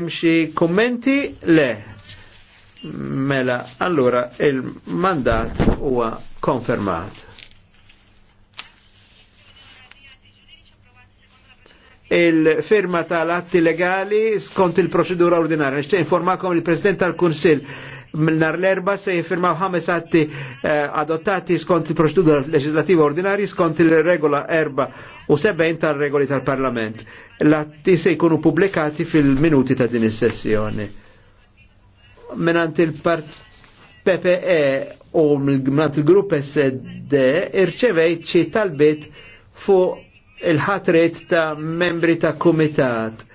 Mxi kommenti? Le. Mela, allora il-mandat huwa konfermat. Il-firma tal-atti legali skont il-proċedura ordinarja. Nixtieq informakom il-President tal-Kunsill mill-nar l-erba se jiffirmaw ħames atti eh, adottati skont il-proċedura leġislativa ordinari skont il-regola erba' u 70 tal-regoli tal-Parlament. L-atti se jkunu pubblikati fil-minuti ta' din is-sessjoni. Menant il-part PPE u menant il-grupp SD irċevejt xi talbit fuq il-ħatret ta' membri ta' kumitat